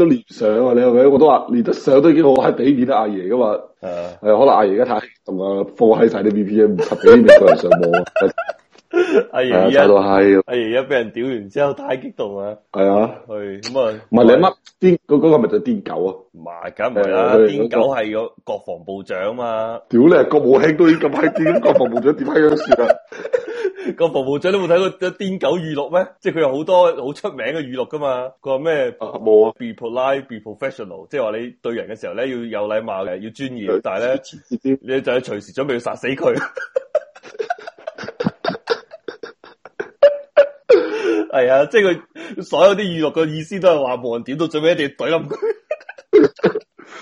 都連唔上啊！你係咪？我都話連得上都已經好閪屌面啊！阿爺噶嘛，係 可能阿爺而家太興動啊，放閪曬啲 V P N 十幾秒就上網。阿爺一係，阿爺一俾人屌完之後太激動啊！係啊，係咁啊，唔係是你乜？癲嗰嗰個咪、那個、就癲狗啊？唔係梗唔係啊！癲狗係個國防部長啊嘛！屌你，國務卿都已經咁閪癲，國防部長點閪樣算啊？個國防部長都冇睇過癲狗語錄咩？即係佢有好多好出名嘅語錄噶嘛？佢話咩？冇啊，be polite, be professional，即係話你對人嘅時候咧要有禮貌嘅，要專業，但係咧 你就隨時準備要殺死佢。 係啊，即係佢所有啲娛樂嘅意思都係話，無論點都最尾一定懟冧佢。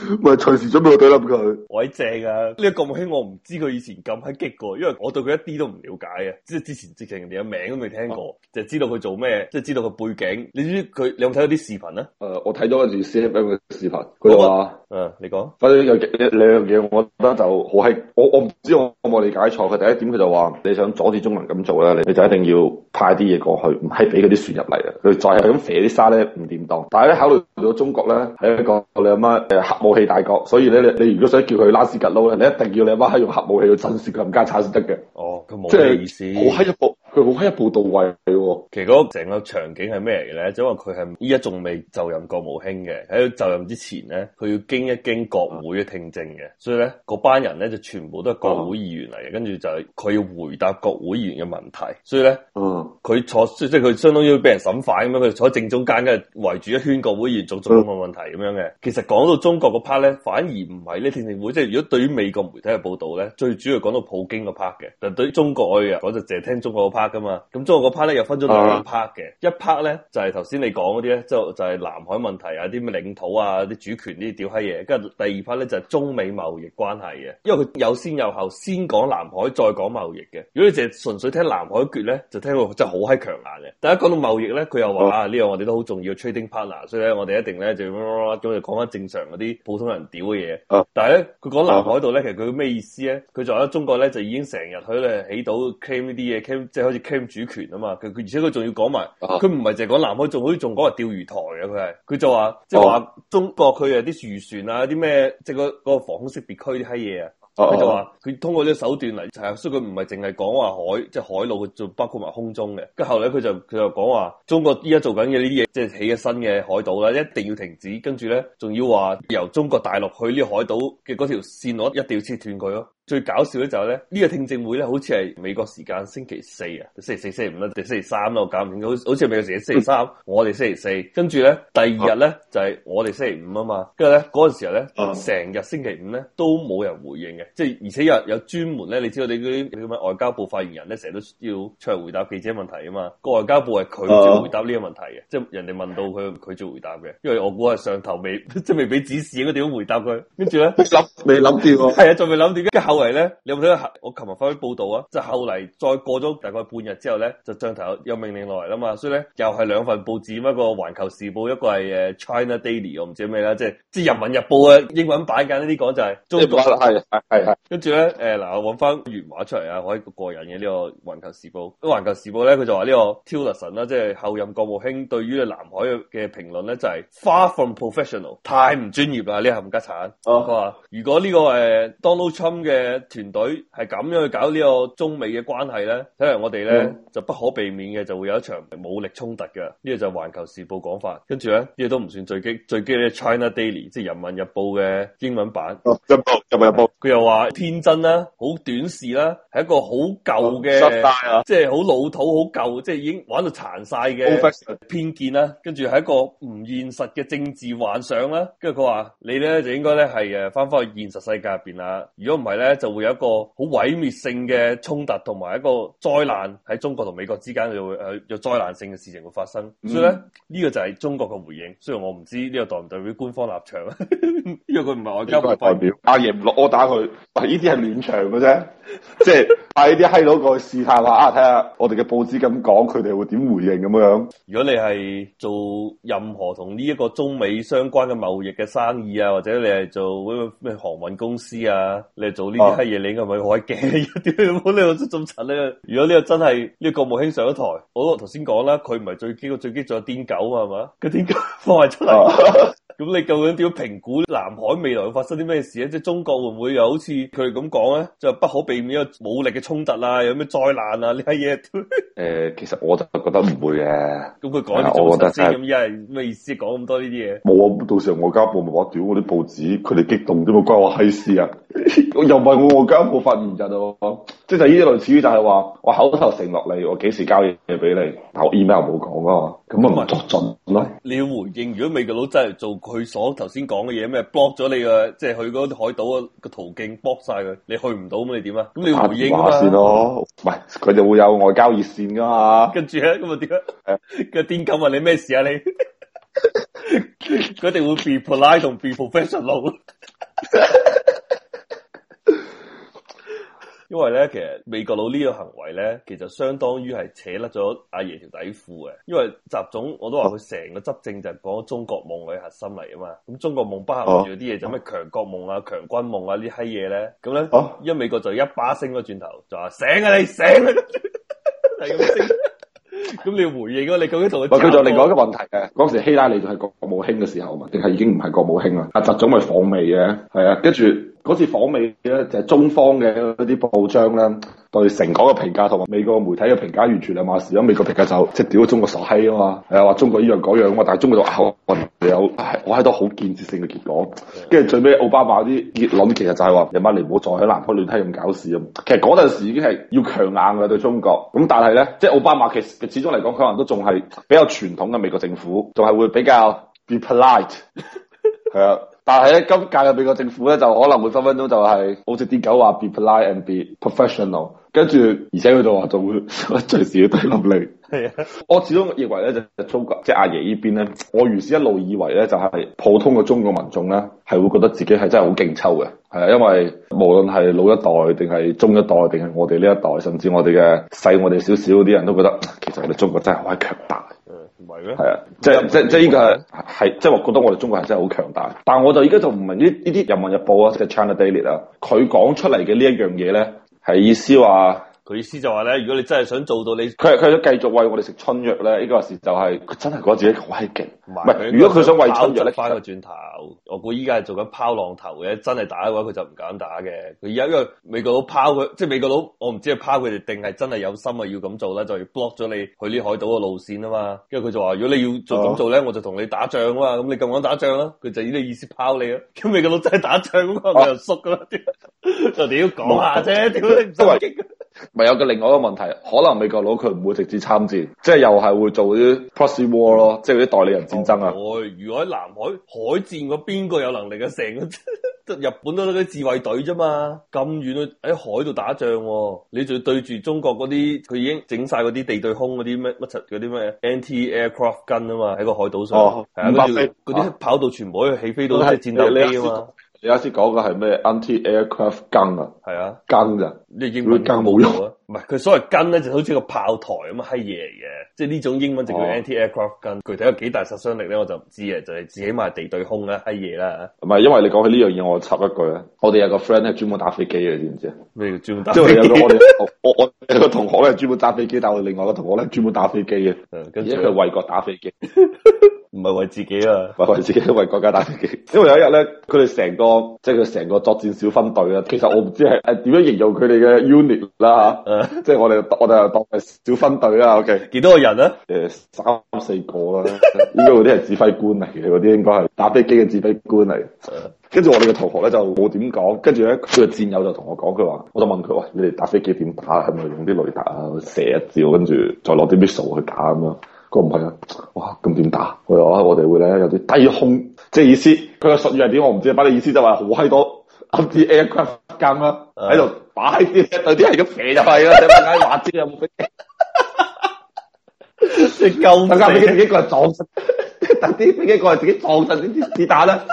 咪隨時準備懟冧佢，鬼正啊！呢、這個咁興，我唔知佢以前咁興激過，因為我對佢一啲都唔了解嘅，即係之前直情人哋嘅名都未聽過，就係、嗯、知道佢做咩，即係知道佢背景。你知佢你有冇睇到啲視頻咧？誒、呃，我睇到一段 C F M 嘅視頻，佢話、哦：，嗯，你講。反正、嗯、有兩樣嘢，我覺得就好係我我唔知我有冇理解錯。佢第一點，佢就話你想阻住中國人咁做咧，你就一定要派啲嘢過去，唔係俾嗰啲船入嚟啊！佢再係咁卸啲沙咧，唔掂當。但係咧，考慮到中國咧，喺一個你阿媽誒武器大國，所以咧，你你如果想叫佢拉斯吉撈，你一定要你阿媽係用核武器去震懾佢唔加鏟先得嘅。哦，即係冇意思。是我喺一好喺一步到位，其實嗰成個，個場景係咩嚟嘅咧？就因為佢係依家仲未就任國務卿嘅，喺就任之前咧，佢要經一經國會嘅聽證嘅。所以咧，嗰班人咧就全部都係國會議員嚟嘅，跟住就係佢要回答國會議員嘅問題。所以咧，嗯，佢坐即係佢相當於俾人審犯咁樣，佢坐喺正中間，跟住圍住一圈國會議員做做問問題咁樣嘅。其實講到中國嗰 part 咧，反而唔係呢聽證會。即係如果對於美國媒體嘅報導咧，最主要講到普京嗰 part 嘅。但對於中國我啊，我就淨係聽中國嗰 part。噶嘛？咁中國嗰 part 咧又分咗兩 part 嘅，uh, 一 part 咧就係頭先你講嗰啲咧，就是、就係、是、南海問題啊，啲咩領土啊，啲主權啲屌閪嘢。跟住第二 part 咧就係、是、中美貿易關係嘅，因為佢有先有後，先講南海再講貿易嘅。如果你淨係純粹聽南海決咧，就聽到真係好閪強硬嘅。但係一講到貿易咧，佢又話、uh, 啊呢樣、這個、我哋都好重要，trading partner，所以咧我哋一定咧就咁就講翻正常嗰啲普通人屌嘅嘢。Uh, 但係咧佢講南海度咧，其實佢咩意思咧？佢就喺中國咧就已經成日喺度起，起到 claim 呢啲嘢好似 claim 主權啊嘛，佢佢而且佢仲要講埋，佢唔係淨係講南海，仲好似仲講話釣魚台啊！佢係佢就話，即係話中國佢啊啲漁船啊啲咩，即係個防空識別區啲閪嘢啊！佢、uh oh. 就話佢通過啲手段嚟，係所以佢唔係淨係講話海，即係海路，佢仲包括埋空中嘅。跟住後咧，佢就佢就講話中國依家做緊嘅呢啲嘢，即係起嘅新嘅海島啦，一定要停止。跟住咧，仲要話由中國大陸去呢個海島嘅嗰條線路一定要切斷佢咯。最搞笑咧就係咧呢個聽證會咧，好似係美國時間星期四啊，星期四、星期五啦，定星期三我搞唔清楚。好似美國時間星期三，語我哋星期四，跟住咧第二日咧 就係我哋、那個、 星期五啊嘛，跟住咧嗰陣時候咧，成日星期五咧都冇人回應嘅，即係而且有有專門咧，你知道你嗰啲叫咩外交部發言人咧，成日都要出嚟回答記者問題啊嘛，個外交部係拒絕回答呢個問題嘅，即係 人哋問到佢，佢做回答嘅，因為我估係上頭未即係未俾指示，應該點樣回答佢，跟住咧諗未諗掂喎，係啊， 仲未諗掂。因為咧， 你有冇睇？我琴日翻去報道啊，即係後嚟再過咗大概半日之後咧，就上頭有命令落嚟啦嘛，所以咧又係兩份報紙，一個環、呃這個、球時報，一個係誒 China Daily，我唔知咩啦，即係即係人民日報嘅英文版嘅呢啲講就係中國係係係，跟住咧誒嗱，我搵翻原話出嚟啊，我一個個人嘅呢個環球時報，環球時報咧佢就話呢個 Tillerson 啦，即係候任國務卿對於南海嘅評論咧就係、是、far from professional，太唔專業啦，呢係冚家產。佢話、啊、如果呢個誒 Donald Trump 嘅誒，團隊係咁樣去搞呢個中美嘅關係咧，睇嚟我哋咧、嗯、就不可避免嘅就會有一場武力衝突嘅。呢、呢個就環、係、球時報講法，跟住咧呢、呢個都唔算最激，最激咧 China Daily 即係、即係、人民日報嘅英文版。哦，日報。又佢又話天真啦、啊，好短視啦、啊，係一個好舊嘅，失即係好老土、好舊，即係已經玩到殘晒嘅偏見啦、啊。跟住係一個唔現實嘅政治幻想啦、啊。跟住佢話你咧就應該咧係誒翻返去現實世界入邊啦。如果唔係咧，就會有一個好毀滅性嘅衝突同埋一個災難喺中國同美國之間就會誒有災難性嘅事情會發生。嗯、所以咧呢、這個就係中國嘅回應。雖然我唔知呢個代唔代表官方立場， 因為佢唔係外交代表阿我打佢，呢啲係暖場嘅啫，即係派啲啲閪佬過去試探下啊，睇下我哋嘅報紙咁講，佢哋會點回應咁樣。如果你係做任何同呢一個中美相關嘅貿易嘅生意啊，或者你係做咩咩航運公司啊，你係做呢啲閪嘢，你係咪好驚？點解冇你又做咁蠢？如果你又真係呢、這個國務卿上咗台，我頭先講啦，佢唔係最激，最激仲有癲狗啊嘛，佢癲狗放係出嚟？ 是 咁你究竟點評估南海未來會發生啲咩事咧？即、就、係、是、中國會唔會又好似佢哋咁講咧，就不可避免有武力嘅衝突啦、啊，有咩災難啦呢啲嘢？誒 呃，其實我就覺得唔會嘅。咁佢講咗咁得先，咁而係咩意思講咁多呢啲嘢？冇啊，到時外交部咪話屌我啲報紙，佢哋激動啲，關我閪事啊！ 又我又唔係我而家冇發現，啊，就咯，是，即係就呢啲類似於就係話我口頭承諾你，我幾時交嘢俾你，但我 email 冇講啊，咁咪作陣咯。你是要回應，如果美國佬真係做佢所頭先講嘅嘢，咩 block 咗你嘅，即、就、係、是、去嗰啲海島嘅途徑 block 晒佢，你去唔到咁你點啊？咁你要回應啊嘛。熱咯，唔佢哋會有外交熱線噶嘛。跟住咧咁啊點啊？個癲、啊、的狗問你咩事啊你？佢 哋會 be polite 同 be professional。 因為咧，其實美國佬呢個行為咧，其實相當於係扯甩咗阿爺條底褲嘅、啊啊嗯。因為習總我都話佢成個執政就係講中國夢嘅核心嚟啊嘛。咁中國夢包含住啲嘢就咩強國夢啊，強軍夢啊呢啲嘢咧。咁咧，因為美國就一把升咗轉頭，就話醒啊你醒你。咁 咁 你要回應啊？你究竟同佢？佢仲有另外一個問題嘅、啊。嗰時希拉里就係國務卿嘅時候啊嘛，定係已經唔係國務卿啦？阿習總咪訪美嘅，係啊，跟住。嗰次訪美咧，就係、是、中方嘅一啲報章咧，對成果嘅評價同埋美國媒體嘅評價，完全係兩碼事咯。美國評價就即係屌中國傻閪啊嘛，係啊話中國依樣嗰樣啊嘛。但係中國度啊，我哋有我喺度好建設性嘅結果。跟住最尾奧巴馬啲諗，其實就係話：夜晚你唔好再喺南海亂梯咁搞事啊！其實嗰陣時已經係要強硬嘅對中國。咁但係咧，即係奧巴馬其實始終嚟講，佢可能都仲係比較傳統嘅美國政府，仲係會比較 be polite 係啊。 但係咧，今屆嘅美國政府咧，就可能會分分鐘就係保直啲狗話 be polite and be professional，跟住而且佢就話就會隨時要睇落嚟。係 啊， 我始終認為咧就係中國即係阿爺呢邊咧，我原先一路以為咧就係普通嘅中國民眾咧，係會覺得自己係真係好勁抽嘅。係啊，因為無論係老一代定係中一代定係我哋呢一代，甚至我哋嘅細我哋少少啲人都覺得其實我哋中國真係好鬼強大。唔係咩？係啊，就是、即係即係即係依個即係話覺得我哋中國人真係好強大，但我現在就依家就唔明呢呢啲《人民日報》啊，即、就、係、是 Ch《China Daily》啊，佢講出嚟嘅呢一樣嘢咧，係意思話。佢意思就話咧，如果你真係想做到你，佢佢想繼續餵我哋食春藥咧，呢個事就係、是、佢真係覺得自己好閪勁，唔係是。如果佢想餵春藥咧，翻個轉頭，我估依家係做緊拋浪頭嘅。真係打嘅話，佢就唔敢打嘅。佢而家因為美國佬拋佢，即係美國佬，我唔知係拋佢哋定係真係有心啊要咁做咧，就要 block 咗你去呢海島嘅路線啊嘛。跟住佢就話，如果你要做咁、哦、做咧，我就同你打仗啊嘛。咁你咁講打仗啦，佢就以你意思拋你啊。咁美國佬真係打仗嘛，咁我又縮噶啦。哦、 就點講下啫？點解你唔使因為 咪有個另外一個問題，可能美國佬佢唔會直接參戰，即係又係會做啲 proxy、嗯、war 咯，即係啲代理人戰爭啊。會、哦，如果喺南海海戰，個邊個有能力嘅、啊、成日本都得啲自衛隊咋嘛？咁遠喺海度打仗、啊，你仲要對住中國嗰啲佢已經整晒嗰啲地對空嗰啲乜乜柒啲咩 anti aircraft gun 啊嘛？喺個海島上，嗰啲、哦啊、跑道全部都可以起飛到啲、啊、是戰鬥機啊嘛。你啱先講嘅係咩 anti aircraft gun 啊？係啊，gun 咋？你英文會冇用啊？唔係， 佢所謂 gun 咧就好似個炮台咁嘅閪嘢嚟嘅，即係呢種英文就叫 anti aircraft gun。具體有幾、哦、大殺傷力咧，我就唔知啊。就係最起碼係地對空啊，閪嘢啦。唔係，因為你講起呢樣嘢，我插一句啊。我哋有個 friend 咧專門打飛機嘅，你知唔知啊？咩？專門打飛機？我有我有個同學咧專門揸飛機，但係我另外一個同學咧專門打飛機嘅、嗯，跟住佢為國打飛機。 唔係為自己啊，為為自己，為國家打飛機。因為有一日咧，佢哋成個即係佢成個作戰小分隊啊。其實我唔知係誒點樣形容佢哋嘅 unit 啦吓， 即係我哋我哋又當係小分隊啊。O K，幾多個人咧？誒，三四個啦，應該嗰啲係指揮官嚟嘅，嗰啲應該係打飛機嘅指揮官嚟。跟住 我哋嘅同學咧就冇點講，跟住咧佢嘅戰友就同我講，佢話我就問佢：，喂、哎，你哋打飛機點打啊？係咪用啲雷達啊，射一照，跟住再攞啲 missile 去打咁樣？個唔係啊！哇，咁點打？我話我哋會咧有啲低空，即係意思。佢個術語係點我唔知，但係意思就話好閪多。Up 啲 aircraft 坑啦，喺度打啲一堆啲人嘅蛇就係啦，想搵啲垃圾冇俾。你夠等間俾幾幾個撞實，等啲飛機過嚟自己撞實啲子彈啦。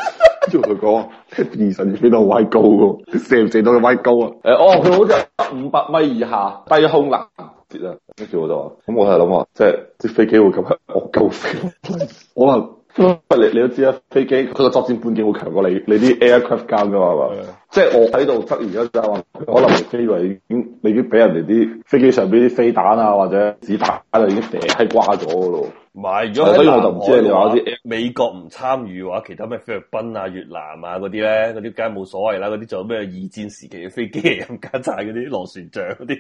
朝頭哥，二十二度閪高，射唔射到佢閪高啊？係 哦，佢好似五百米以下低空啦。 跌啦，跟住我就話，咁、嗯、我係諗話，即係啲飛機會咁黑我高飛，我話， 你你都知啦，飛機佢個作戰半徑會強過你，你啲 aircraft gun 㗎嘛， 即係我喺度執完咗之後，可能飛機已經，你已經俾人哋啲飛機上邊啲飛彈啊或者子彈就已經射開掛咗咯。唔係，如果喺南海嘅話， 美國唔參與嘅話，其他咩菲律賓啊、越南啊嗰啲咧，嗰啲梗係冇所謂啦，嗰啲仲有咩二戰時期嘅飛機，咁加晒嗰啲螺旋槳嗰啲。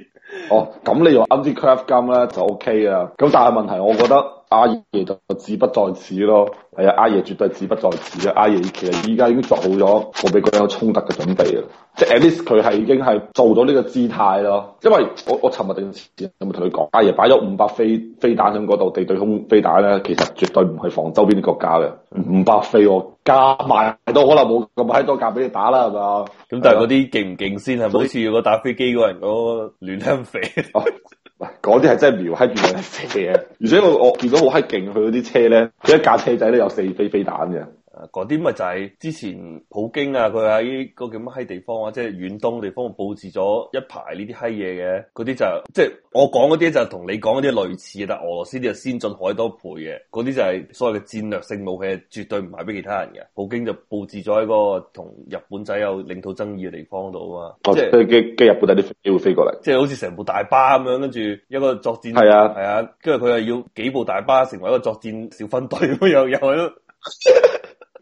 哦，咁你用啱啲 craft 金咧就 OK 啊，咁但係問題，我覺得。阿爺就志不在此咯，係、哎、啊，阿爺絕對係志不在此嘅。阿爺其實依家已經做好咗我哋嗰種衝突嘅準備啦，即係 at least 佢係已經係做到呢個姿態咯。因為我我尋日定有冇同佢講，阿爺擺咗五百飛飛彈喺嗰度，地對空飛彈咧，其實絕對唔係防周邊啲國家嘅，五百飛我加埋太都可能冇咁閪多架俾你打啦，係嘛？咁但係嗰啲勁唔勁先咪？以係咪好似個打飛機嗰人嗰亂香飛。啊喂，嗰啲係真係瞄閪住嚟飛嘅，而且我我見到好閪勁，佢嗰啲車咧，一架車仔咧有四飛飛彈嘅。嗰啲咪就係之前普京啊，佢喺嗰叫乜閪地方啊，即係遠東地方佈置咗一排呢啲閪嘢嘅。嗰啲就是、即係我講嗰啲就同你講嗰啲類似，但俄羅斯啲就先進海多倍嘅。嗰啲就係所謂嘅戰略性武器，絕對唔係俾其他人嘅。普京就佈置咗喺個同日本仔有領土爭議嘅地方度啊，哦、即係日本仔啲機會飛過嚟，即係是好似成部大巴咁樣，跟住一個作戰係是啊係啊，跟住佢又要幾部大巴成為一個作戰小分隊咁又又。